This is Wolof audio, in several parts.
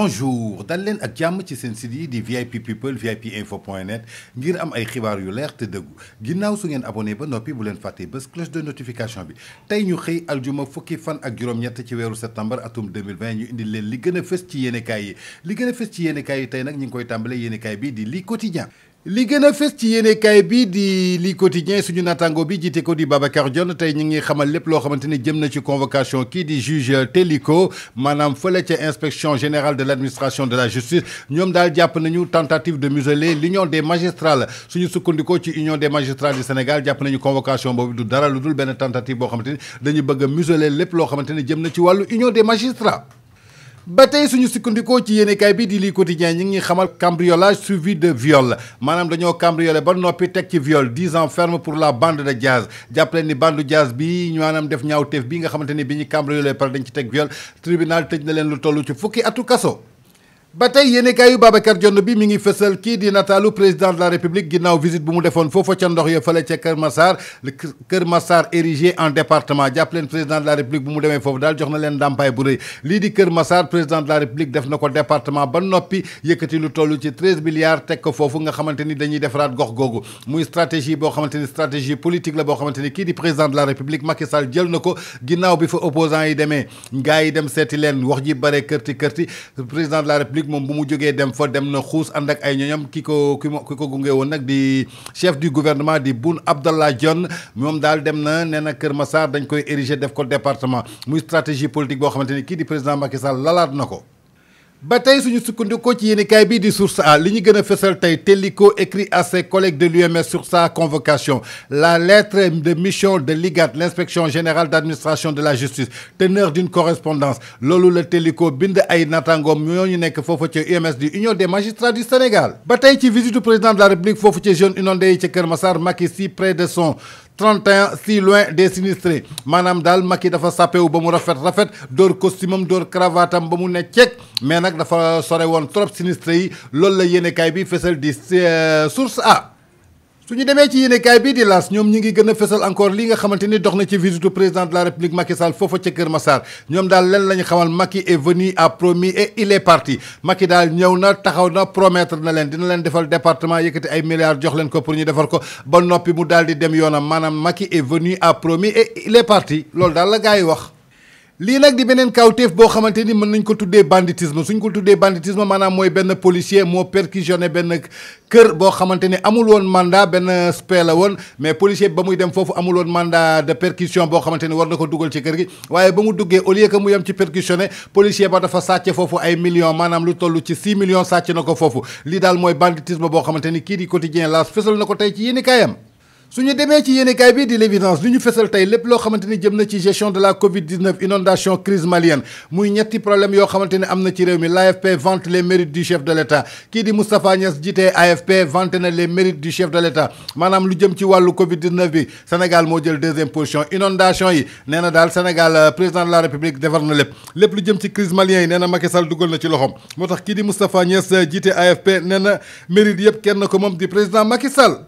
bonjour dal leen ak jàmm ci seen site yi di VIP people VIP info point net ngir am ay xibaar yu leex te dëggu ginnaaw su ngeen abonné ba noppi bu leen fàttee bés cloche de notification bi tey ñu xëy aljuma fukki fan ak juróom-ñett ci weeru septembre atum 2020 ñu indi leen li gën a fës ci yéenekaay yi li gën a ci yéenekaay yi tey nag ñu ngi koy tàmbale yéenekaay bi di lii quotidien li gën a fës ci yéenekaay bi di li quotidien suñu natango bi jiite ko di Babacar Dione tey ñu ngi xamal lépp loo xamante ni jëm na ci convocation kii di juge Téliko maanaam fële ca inspection générale de l'administration de la justice ñoom daal jàpp nañu tentative de museler l'union de magistrats la suñu sukkandikoo ci union de magistrats du Sénégal jàpp nañu convocation boobu du dara lu dul benn tentative boo xamante ni dañu bëgg a lépp loo xamante ni jëm na ci wàllu union des ba tey suñu sukkandikoo ci yéenekaay bi di lii quotidien ñi ngi xamal cambriolage suivi de viol maanaam dañoo cambriolé ba noppi teg ci viole dix ans ferme pour la bande de jazz jàppaleen ni bande jazz bi ñu maanaam def ñaaw teef bi nga xamante ni bi ñu cambriolé par dañ ci teg viol tribunal tëj na leen lu toll ci fukki atu kaso ba tey yéenekaayu Babacar Dione bi mi ngi fësal kii di nataalu président de la république ginnaaw visite bu mu defoon foofa ca ndox ya fële ca Kër Massar Kër Massar érigé en département jàpp leen président de la république bu mu demee foofu daal jox na leen ndàmpaay bu rëy lii di Kër Massar président de la république def na ko département ba noppi yëkkati lu toll ci 13 milliards teg ko foofu nga xamante ni dañuy defaraat gox googu muy stratégie boo xamante ni stratégie politique la boo xamante ni kii di président de la république Macky Sall jël na ko ginnaaw bi fa opposant yi demee gars dem seeti leen wax ji bare kërti kërti président de la république moom bu mu jógee dem fa dem na xuus ànd ak ay ñoñam ki ko ki ki ko gunge woon nag di chef du gouvernement di Boun Abdallah Dionne moom daal dem na nee na Kër Massar dañ koy ériger def ko département muy stratégie politique boo xamante ni kii di président Macky Sall lalaat na ko. ba tey suñu sukkandikoo ci yéenekaay bii di Source A li ñu gën a fësal tey Téliko écrit à ses collègues de l'UMS sur sa convocation la lettre de mission de l'IGAD l'inspection générale d'administration de la justice teneur d'une correspondance loolu la Téliko bind ay natangoom ñoo ñu nekk foofu ci UMS di Union des magistrats du Sénégal ba tey ci visite du président de la République foofu ci jeune inondé yi ci Kër Massar Macky Sy près de son 31 si loin des sinistrés maanaam daal yi dafa sàppewu ba mu rafet rafet dóor costume am dóor cravate ba mu nekk ceeg mais nag dafa sore woon trop sinistrés yi loolu la yéenekaay bi fësal di euh, source A. su ñu demee ci yéenekaay bii di laas ñoom ñi ngi gën a fesal encore li nga xamante ni dox na ci visitu président de la république Macky Sall foofa ca Kër Massar ñoom daal leen la ñu xamal Macky est venu à promis et il est parti Macky daal ñëw na taxaw na promettre na leen dina leen defal département yëkkati ay milliards jox leen ko pour ñu defal ko ba noppi mu daal di dem yoonam maanaam Macky est venu a promis et il est parti loolu daal la gars yi wax. lii nag di beneen kawteef boo xamante ni mën nañ ko tuddee banditisme suñ ko tuddee banditisme maanaam mooy benn policier moo perquisitionné benn kër boo xamante ni amul woon mandat benn spé la woon mais policier ba muy dem foofu amul woon mandat de perquisition boo xamante ni war na ko dugal ci kër gi waaye ba mu duggee au lieu que mu yem ci perquisitionné policier ba dafa sàcce foofu ay millions maanaam lu toll ci 6 millions sàcc na ko foofu lii daal mooy banditisme boo xamante ni kii di quotidien laas fësal na ko tey ci yéeni kaayam su ñu demee ci yéenekaay bi di l'évidence li ñu fesal tey lépp loo xamante ni jëm na ci gestion de la Covid 19 inondation crise malienne muy ñetti problème yoo xamante ni am na ci réew mi l'AFP vante les mérites du chef de l'État kii di Moustapha Niass jiite AFP vante na les mérites du chef de l'État maanaam lu jëm ci wàllu Covid 19 bi Sénégal moo jël deuxième position inondation yi nee na daal Sénégal euh, président de la République defar na lépp lép lu jëm ci crise malienne yi nee na Macky Sall dugal na ci loxoom moo tax kii di Moustapha Niass euh, jiite AFP nee na yëpp kenn ko moom di président Macky Sall.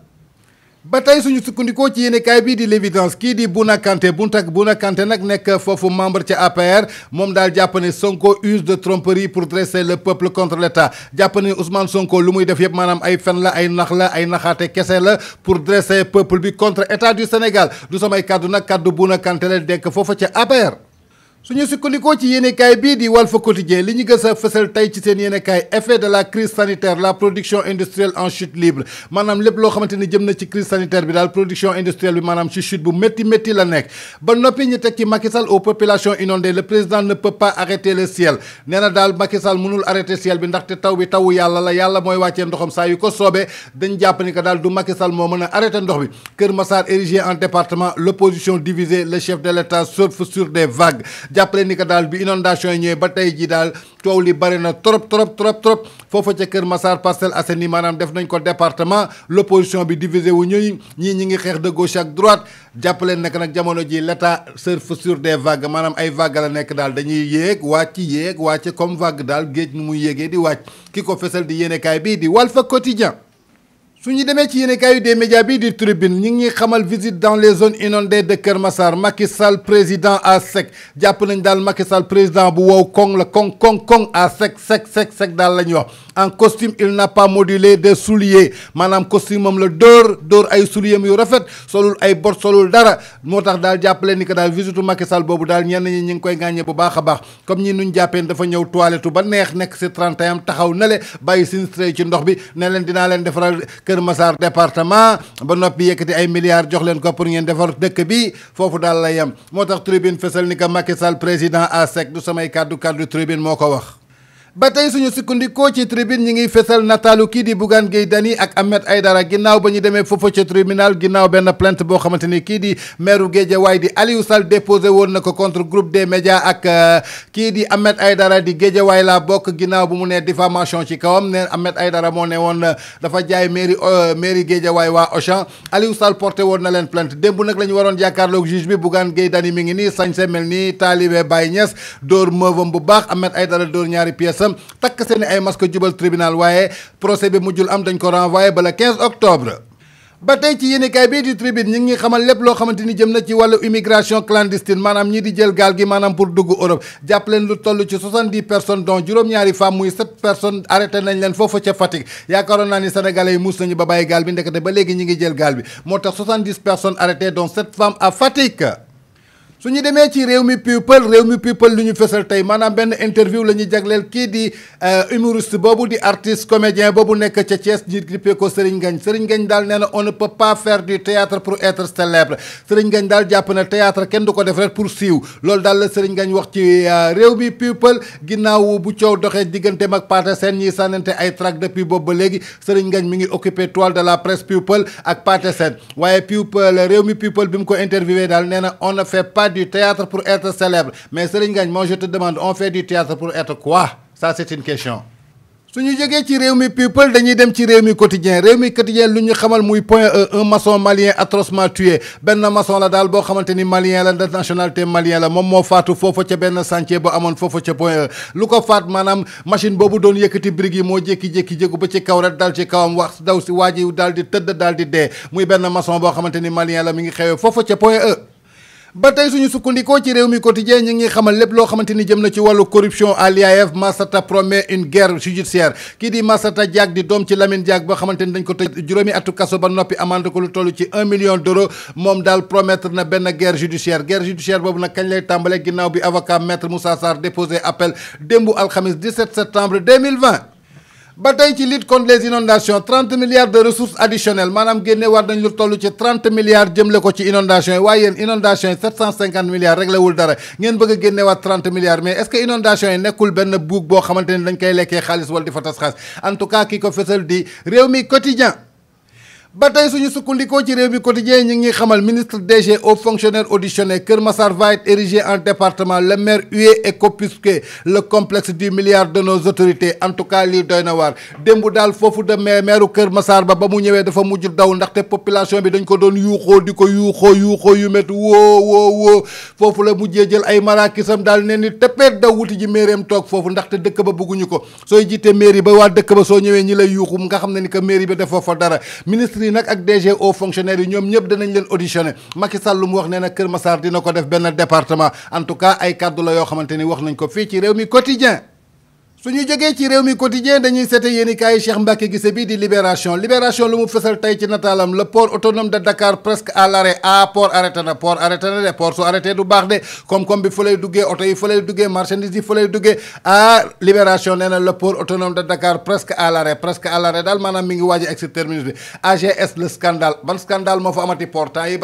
ba tey suñu sukkandikoo ci yéenekaay bii di l'évidence kii di Bouna Kanté buntak Bouna Kanté nag nekk foofu membre ca APR moom daal jàpp ne Sonko use de tromperie pour dresser le peuple contre l'État jàpp ne Ousmane Sonko lu muy def yëpp maanaam ay fen la ay nax la ay naxaate kese la pour dresser peuple bi contre État du Sénégal du samay kàddu nag kàddu Bouna Kanté la dekk foofu ca APR suñu sukkandikoo ci yéenekaay bii di Walf Quotidien li ñu gës a tey ci seen yéenekaay effet de la crise sanitaire la production industrielle en chute libre maanaam lépp loo xamante ni jëm na ci crise sanitaire bi daal production industrielle bi maanaam ci chute bu métti métti la nekk ba noppi ñu teg ci Macky Sall aux populations inondées président ne pas arrêter le ciel nee daal Macky Sall mënul arrêter ciel bi ndaxte taw bi tawu yàlla la yàlla mooy wàccee ndoxam saa yu ko soobee dañ jàpp ni que daal du Macky moo mën a arrêter ndox bi Kër Massar érigé en département l'opposition divisée le chef de l'État surfe jàppale ni que daal bi inondation yi ñëwee ba tey ji daal coow li bëri na trop trop trop trop foofa ca Kër Massar Parcelles Assainies maanaam def nañ ko département l' opposition bi divisé wu ñuy ñii ñi ngi xeex de gauche ak droite jàppale nekk nag jamono ji l' état surfe sur des vagues maanaam ay vagues la nekk daal dañuy yéeg wàcc yéeg wàcc comme vague daal géej nu muy yéegee di wàcc ki ko fesal di yéenekaay bii di wal Walf Quotidien su ñu demee ci yéenekaay yu des média bi di tribune ñi ngi xamal visite dans les zones inondées de Kër Massar Macky Sall président à sec jàpp nañ daal Macky Sall président bu wow koŋ la koŋ koŋ koŋ à sec sec sec sec daal la ñuy wax en costume il n'a pas modulé de souliers maanaam costume am la door dóor ay souliers yu rafet solul ay bot solul dara moo tax daal jàppale ni que daal visitu Macky Sall boobu daal ñeen ñi ñu ngi koy gàññee bu baax a baax comme ñi nuñ jàppee dafa ñëw toilette ba neex nekk si 31 am taxaw na le bàyyi sinistré ci ndox bi ne leen dinaa leen defaral Kër Massar département ba noppi yëkkati ay milliards jox leen ko pour ngeen defar dëkk bi foofu daal la yem moo tax tribune fësal ni ko Macky Sall président à sec du samay kàddu kàddu tribune moo ko wax ba tey suñu sukkandikoo ci tribune ñi ngi fesal nataalu kii di Bougane Gueye Dany ak Ahmed dara ginnaaw ba ñu demee foofa ci tribunal ginnaaw benn plainte boo xamante ni kii di maire Guédiawaye di Aliou Sall déposé woon na ko contre groupe des médias ak euh, kii di ay dara di Guédiawaye laa bokk ginnaaw bu mu nee diffamation ci kawam ne ay dara moo ne woon euh, dafa jaay mairie euh, mairie Guédiawaye waa Auchan Aliou Sall porté woon na leen plainte démb nag la ñu waroon jàkkaarloog juge bi Bougane Gueye mi ngi nii sañse mel nii taalibe Baye Niass dóor meubam bu baax Ahmed Aïdara dóor ñaari pièces sam takk seen ay masque jubal tribunal waaye procès bi mujjul am dañ ko renvoyé ba le octobre. ba tey ci yéenekaay bii di tribune ñi ngi xamal lépp loo xamante ni jëm na ci wàllu immigration clandestine maanaam ñii di jël gaal gi maanaam pour dugg Europe jàpp leen lu toll ci 70 personnes dont juróom-ñaari femmes muy 7 personnes arrêté nañ leen foofu ca Fatick yaakaaroon naa ni sénégalais muus nañu ba bàyyi gaal bi ndekete ba léegi ñi ngi su ñu demee ci réew mi people réew mi people lu ñu fësal tey maanaam benn interview la jagleel kii di euh, humoriste boobu di artiste comédien boobu nekk ca Thiès ñu dippee ko Serigne Ngagne Serigne Ngagne daal nee na on ne peut pas faire du théâtre pour être célèbre Serigne ko def rek pour siiw loolu daal la Serigne Ngagne wax ci euh, réew mi people ginnaaw bu doxee digganteem ak Pathé Sène ñiy sànnante ay track depuis boobu ba léegi Serigne Ngagne mi ngi occupé toile de la presse people ak Pathé Sène waaye people ko interviewé daal nee na pas du théâtre pour être célèbre mais Serigne Ngagne moi je te demande on fait du théâtre pour être quoi su ñu jógee ci réew mi people dañuy dem ci réew mi quotidien réew mi quotidien lu ñu xamal muy point e un maçon malien atrocement tué benn maçon la daal boo xamante ni malien la de nationalité malien la moom moo faatu foofa ca benn chantier ba amoon foofa ca point e lu ko faat maanaam machine boobu doon yëkkati briques yi moo jékki-jékki jégu ba ci kaw rek dal ci kawam wax daw si waa ji daal di tëdd daal di dee muy benn la mi ngi xewee ba tey suñu sukkandikoo ci réew mi quotidien ñi ngi xamal lépp loo xamante ni jëm na ci wàllu corruption à l'IAF promet une guerre judiciaire kii di Massata Diack di doom ci Lamine Diack boo xamante ni dañ ko tëj juróomi atu kaso ba noppi amande ko lu toll ci un million d'euros moom daal promettre na benn guerre judiciaire guerre judiciaire boobu nag kañ lay tàmbale ginnaaw bi avocat maître Moussa Sarr déposé appel démbu alxamis 17 septembre 2020 ba tey ci lutte contre les inondations trente milliards de ressources additionnelles maanaam génne war nañ lu toll ci trente milliards jëm ko ci inondation yi waaye yéen inondation yi sept cent cinquante milliards réglé wul dara ngeen bëgg a génne waat trente milliards mais est ce que inondation yi nekkul benn buug boo xamante ni dañ koy lekkee xaalis wala di fa tas en tout cas ki ko fësal di réew mi quotidien ba tey suñu sukkandikoo ci réew mi quotidien ñi ngi xamal ministre DG aux fonctionnaires auditionnés Kër Massar va être érigé en département le maire hué et copusqué le complexe du milliard de nos autorités en tout cas lii doy na waar démb daal foofu de maire Kër Massar ba ba mu ñëwee dafa mujj daw ndaxte population bi dañ ko doon yuuxoo di ko yuuxoo yuuxoo yu métti woo woo woo foofu la mujjee jël ay maraakisam daal nee ni teppeet daw wuti ji maireem toog foofu ndaxte dëkk ba ko sooy jiite mairie ba waa dëkk ba soo ñëwee ñi lay yuuxu nga xam ne ni que mairie bi defoo fa dara ministre ministre yi ak DG au yi ñoom ñëpp danañ leen auditionné Macky Sall wax nee na Kër Massar dina ko def benn département en tout cas ay kàddu la yoo xamante ni wax nañ ko fii ci réew mi quotidien suñu jógee ci réew mi quotidien dañuy seete yéenekaay Cheikh Mbacke Guissé bi di libération libération lu mu fësal tey ci nataalam le port autonome de Dakar presque à l'arrêt ah port arrêté na port arrêté na de port su arrêté du baax de koom-koom bi fa lay duggee oto yi fa lay duggee marchandise yi fa lay duggee ah libération nee na le port autonome de Dakar presque à l'arrêt presque à l'arrêt daal maanaam mi ngi waaj a egsi terminus bi AGS le scandale ban scandale moo fa amati port temps yi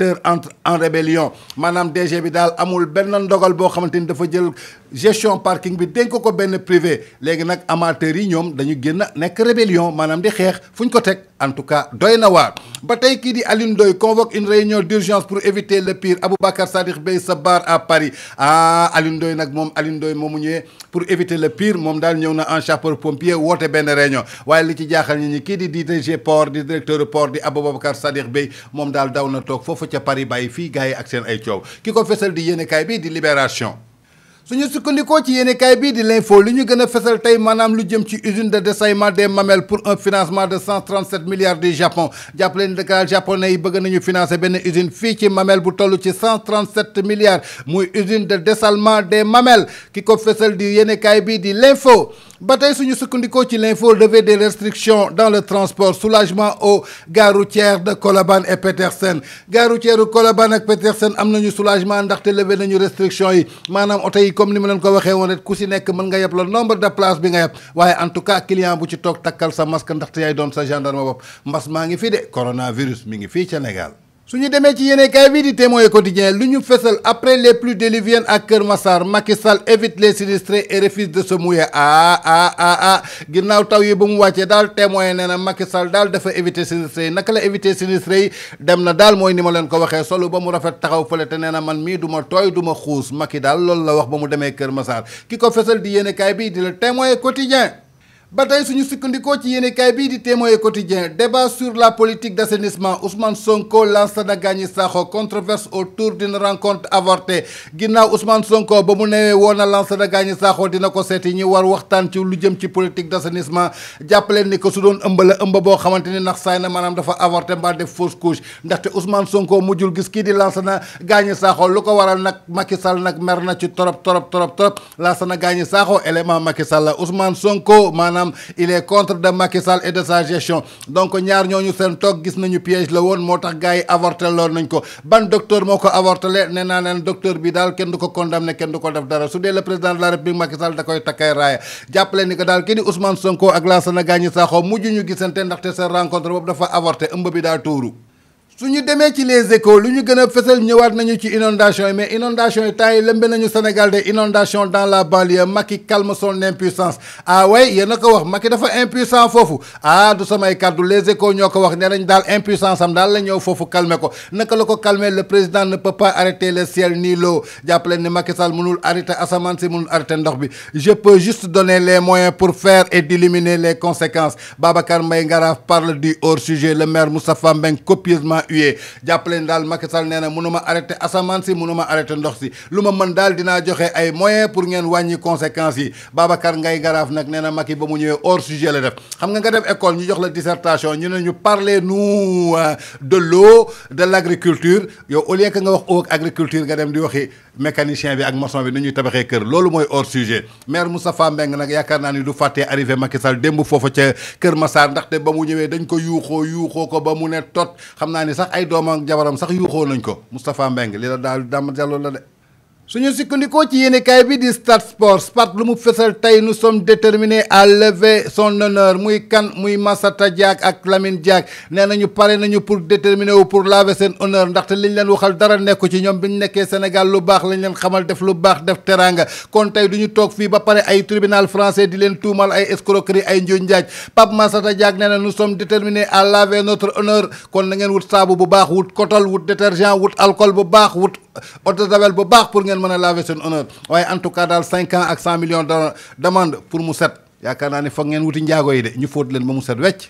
bari en rébellion maanaam DG bi daal amul benn ndogal boo xamante ni dafa jël gestion parking bi dénk ko benn privé léegi nag amateurs yi ñoom dañu génn nekk rébellion maanaam di xeex fu ñu ko teg en tout cas doy na waar. ba tey kii di Alioune Ndoye convoque une réunion d'urgence pour éviter le pire Aboubacar Sadikh Beye sa bar a Paris ah Alioune Ndoye nag moom Alioune Ndoye moomu ñëwee pour éviter le pire moom daal ñëw na en chapeau pompier woote benn réunion waaye li ci jaaxal ñi ñi kii di DG port di directeur port di Aboubacar Sadikh moom daal daw na toog foofu ca Paris bay ay fii gars yi ak seen ay coow ki ko fesal di yéenekaay bi di libération suñu sukkandikoo ci yéenekaay bii di l'info li ñu gën a fesal tey maanaam lu jëm ci usine de dessalement des mamelles pour un financement de 137 milliards du Japon jàppaleen dëkk japonais yi bëgg nañu financer benn usine fii ci mamelle bu toll ci 137 milliards muy usine de dessalement des mamelles ki ko fesal di yéenekaay bii di l'info ba tey suñu sukkandikoo ci l'info levée des restrictions dans le transport soulagement aux gares routières de Colobane et Petersen gare routière u Colobane ak Petersen am nañu soulagement ndaxte levé nañu restriction yi maanaam oto yi comme ni ma leen ko waxee woon rek ku si nekk mën nga yeb le nombre de place bi nga yeb waaye en tout cas client bu ci toog takkal sa masque ndaxte yaay doon sa gendarme bopp mbas maa ngi fi de coronavirus mi ngi fii Sénégal su ñu demee ci yéenekaay bii di témoin quotidien lu ñu fesal après les pluies diluviennes à Kër Massar Macky sal évite le sinistrés et refuse de se mouiller ah, ah ah ah ginnaaw taw yi ba mu wàccee daal témoin nee na Macky sal daal dafa éviter sinistrés yi naka la éviter sinistrés yi dem na daal mooy ni ma leen ko waxee solo ba mu rafet taxaw fële te nee na man mii du ma tooy du ma xuus Macky daal loolu la wax ba mu demee Kër Massar ki ko fesal di yéenekaay bii di la témoin quotidien ba tey suñu sukkandikoo ci yéenekaay bii di témoin quotidien débat sur la politique d'assainissement Ousmane Sonko lance na Gagny Sakho controverse autour d'une rencontre avorté ginnaaw ausman Sonko ba mu newee woon na lance na Gagny Sakho dina ko seeti ñu war waxtaan ci lu jëm ci politique d'assainissement jàppaleen ni ko su doon ëmb la ëmb boo xamante ni ndax saay na maanaam dafa avorté mbaa def fausse couche ndaxte Ousmane Sonko mu mujjul gis kii di lance na Gagny Sakho lu ko waral nag Macky Sall nag mer na ci torop torop torop torop lance na Gagny Sakho élément Macky Sall la Ousmane Sonko maanaam il est contre de Macky Sall et de sa gestion donc ñaar ñooñu seen toog gis nañu piège la woon moo tax gars yi avorté loon nañ ko ban docteur moo ko avortelé nee naa leen docteur bi daal kenn du ko condamné kenn du ko def dara su dee le président de la république Macky Sall da koy takkay raaya jàppale ni ko daal kii di Ousmane Sonko ak Lassana Gagny Sakho mujj ñu gisante ndaxte seen rencontre boobu dafa avorté ëmb bi daal tuuru. su ñu demee ci les échos lu ñu gën a fësal ñëwaat nañu ci inondation yi mais inondation yi temps yi lëmbe nañu Sénégal de inondation dans la banlieue Macky calme son impuissance ah way yéen a ko wax Macky dafa impuissant foofu ah du samay kàddu les échos ñoo ko wax nee nañ daal impuissance am daal la ñëw foofu calmer ko naka la ko calmer le président ne peut pas arrêter le ciel ni l'eau jàppaleen ni Macky Sall mënul arrêter asamaan si mënul arrêter ndox bi je peux les moyens pour faire et d'éliminer les conséquences Babacar Mbaye Ngaraaf parle du hors sujet le maire Moustapha Mbeng copieusement huée jàppaleen daal Macky Sall nee na mënuma arrêté asamaan si mënuma arrêté ndox si lu ma mën daal dinaa joxe ay moyen pour ngeen wàññi conséquences yi Babacar Ngay Garaaf nag nee na Macky ba mu ñëwee hors sujet la def xam nga nga dem école ñu jox la dissertation ñu ne ñu parler nu de l'eau de l'agriculture yow au lieu que nga wax eau agriculture nga dem di waxi mécanicien bi ak mason bi nu ñuy tabaxee kër loolu mooy hors sujet maire Moustapha Mbeng nag yaakaar naa ni du fàttee arrivé Macky Sall démb foofa ca Kër Massar ndaxte ba mu ñëwee dañ ko yuuxoo yuuxoo ko ba mu sax ay doomam jabaram sax yuuxoo nañ ko Moustapha Mbengue li la daal dama jàlloon la de suñu sukkandikoo ci yéenekaay bi di Stade Sport Sport lu mu fësal tey nous sommes déterminer à lever son honneur muy kan muy Massata Diack ak Lamine Diack nee nañu pare nañu pour déterminer wu pour laver seen honneur ndaxte liñ leen waxal dara nekku ci ñoom bi ñu nekkee Sénégal lu baax lañ leen xamal def lu baax def teraanga kon tey du ñu toog fii ba pare ay tribunal français di leen tuumal ay escroquerie ay njuuj njaaj Pape Massata Diack nee na nous sommes déterminés à laver notre honneur kon na ngeen wut saabu bu baax wut kotol wut détergent wut alcool bu baax wut eau baax pour ngeen mën a laver seen honneur waaye en tout cas daal cinq ans ak cent millions de pour mu set yaakaar naa ne foog ngeen wuti njaago yi de ñu fóot leen ba mu set wecc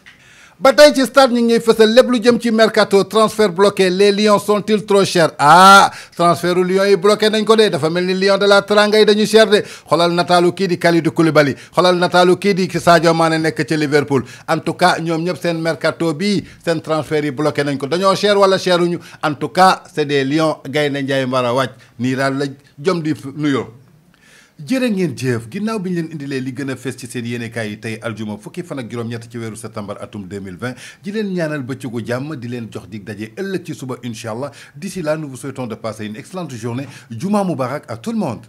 ba tey ci stade ñu ngi fësal lépp lu jëm ci mercato transfert bloqué les lions sont-ils trop chers ah transfertu lions yi bloqué nañ ko de dafa mel ni lion de la Teranga yi dañu cher de xoolal nataalu kii di Kalidou Koulibaly xoolal nataalu kii di Sadio Mané nekk ci Liverpool en tout cas ñoom ñëpp seen mercato bi seen transfert yi bloqué nañ ko dañoo cher wala cheruñu en tout cas c'est des lions Gaynde Njaay mbara wàcc nii daal la jom di nuyoo jërë ngeen jëf ginnaaw bi ñu leen indilee li gën a fees ci seen yéenekaay yi tey aljuma fukki fan ak juróom-ñett ci weeru septembre atum 2020 di leen ñaanal bëccëgu jàmm di leen jox di daje ëllëg ci suba incha allah d'ici là nous vous souhaitons de passer une excellente journée juma mubarak a tout le monde